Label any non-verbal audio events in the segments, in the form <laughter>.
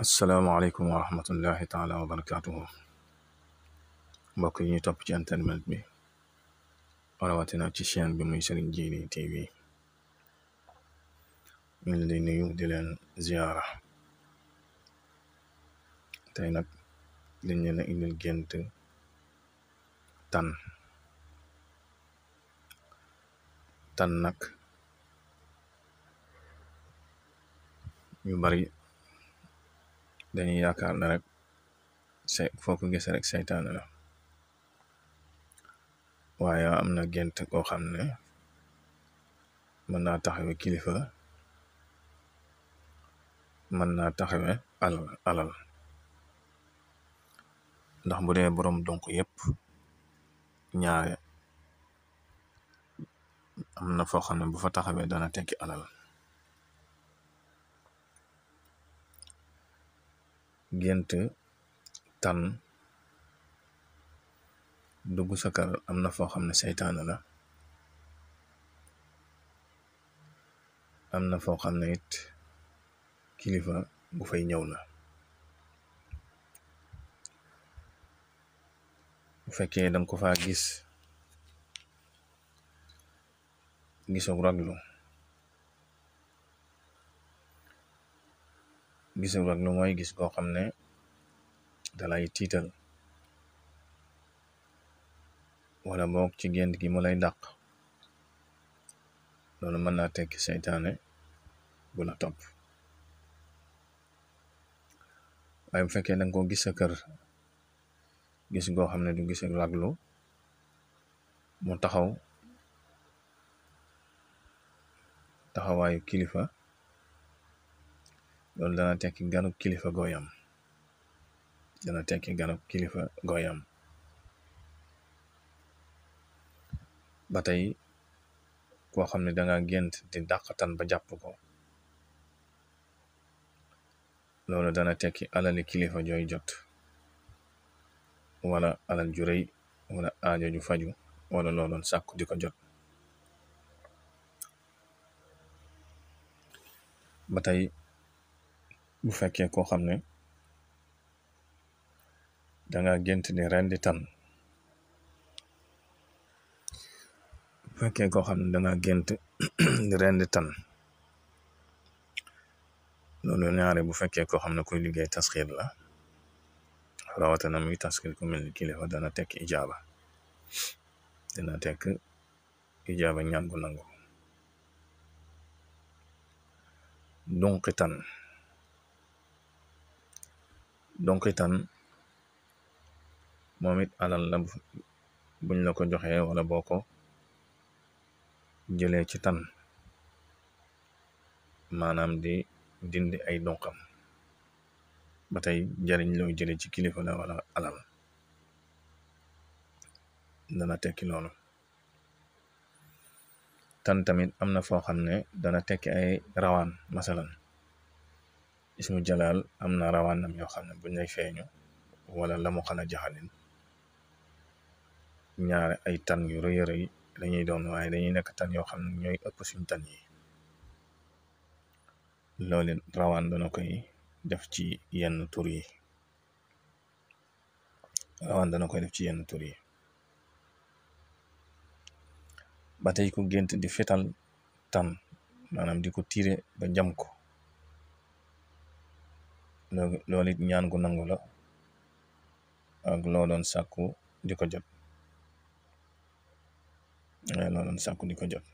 asalaamaaleykum wa rahmatullahi taala wa barakaatuhu mbokk yi ñu topp ci internet bi rawatina ci chaîne bi muy Serigne ji TV ñu ngi leen di nuyu di leen ziyaara tey nag dañ leen a indil gént tan tan nag ñu bari dañuy yaakaar na rek say foo ko gis rek seytaane la waaye am na gént koo xam ne mën naa taxawe kilifa mën naa taxawe alal alal ndax bu dee borom donc yépp ñaare am na foo xam ne bu fa taxawee dana tekki alal gént tànn dugg sa am na foo xam ne seytaane la am na foo xam ne it kilifa bu fay ñëw la bu fekkee danga ko faa gis gisug raglu gisul rek lu moy gis goo xam ne dalay tiital wala boog ci gént gi mu lay dàq loolu mën naa tekki seytaane bu la topp waaye bu fekkee dang ko gis sa kër gis goo xam ne du gis ak raglu mo taxaw taxawaayu kilifa loolu dana tekki ganu kilifa gooyam dana tekki ganu kilifa gooyam ba tey koo xam ne danga gént di dàqatan ba jàpp ko loolu dana tekki alali kilifa jooy jot wala alal ju rëy wala aajo ju faju wala looloon sàkku di ko jot ba bu fekkee koo xam ne danga gént di rendi tan bu fekkee koo xam ne danga gént <clears throat> di rendi tan loolu ñaare bu fekkee koo xam ne koy liggéey tasxiir la rawatina muy tasxiir ku mel ni kilifa dana tekk ijaaba dana tekk ijaaba ñaan gu nangu dunqitan donc itam moom it alal la buñ la ko joxee wala boo ko jëlee ci tan maanaam di dindi ay donqam ba tey jariñ loo jële ci kilifala wala alal dana tekki loolu tan tamit am na foo xam ne dana tekki ay rawaan masalan ismu jalaal am na rawaanam yoo xam ne buñ lay feeñu wala lamu mu xan a jaxalin ñaar ay tan yu rëy rëy dañuy doon waaye dañuy nekk tan yoo xam ne ñooy ëpp suñ tan yi loolu rawaan dana koy def ci yenn tur yi rawaan dana koy def ci yenn tur yi ba tey ku gént di fetal tan maanaam di ko tiire ba jam ko loolit it ñaan gu nangu la ak loo doon sàkku di jot eh, loo doon sàkku di jot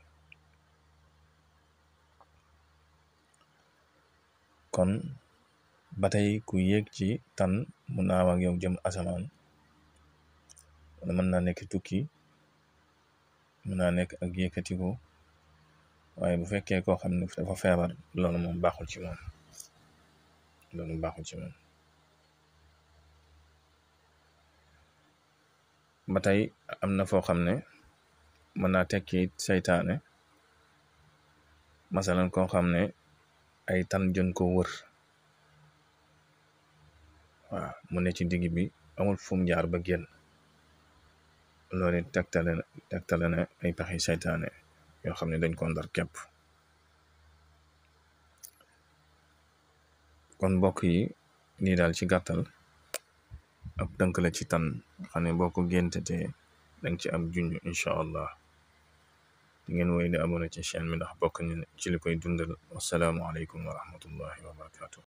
kon ba tey ku yéeg ci tan mu naaw ak yow jëm asamaan wala mën naa nekk tukki mën naa nekk ak yëkkatiku waaye bu fekkee koo xam ne dafa feebar loolu moom baaxul ci moom loolu baaxul ci moom ba tey am na foo xam ne mën naa tekki seytaane masalan koo xam ne ay tan jën ko wër waaw mu ne ci digg bi amul fu mu jaar ba génn loolu tegtale tegtale na ay pexi seytaane yoo xam ne dañ ko ndar képp kon mbokk yi lii daal ci gàttal ab tënk la ci tan xam ne boo ko géntatee danga ci am junj incha allah di ngeen woy di abonné ci chaîne bi ndax bokk ñu ci li koy dundal wasalaamualeykum wa rahmatullahi wa barakatuh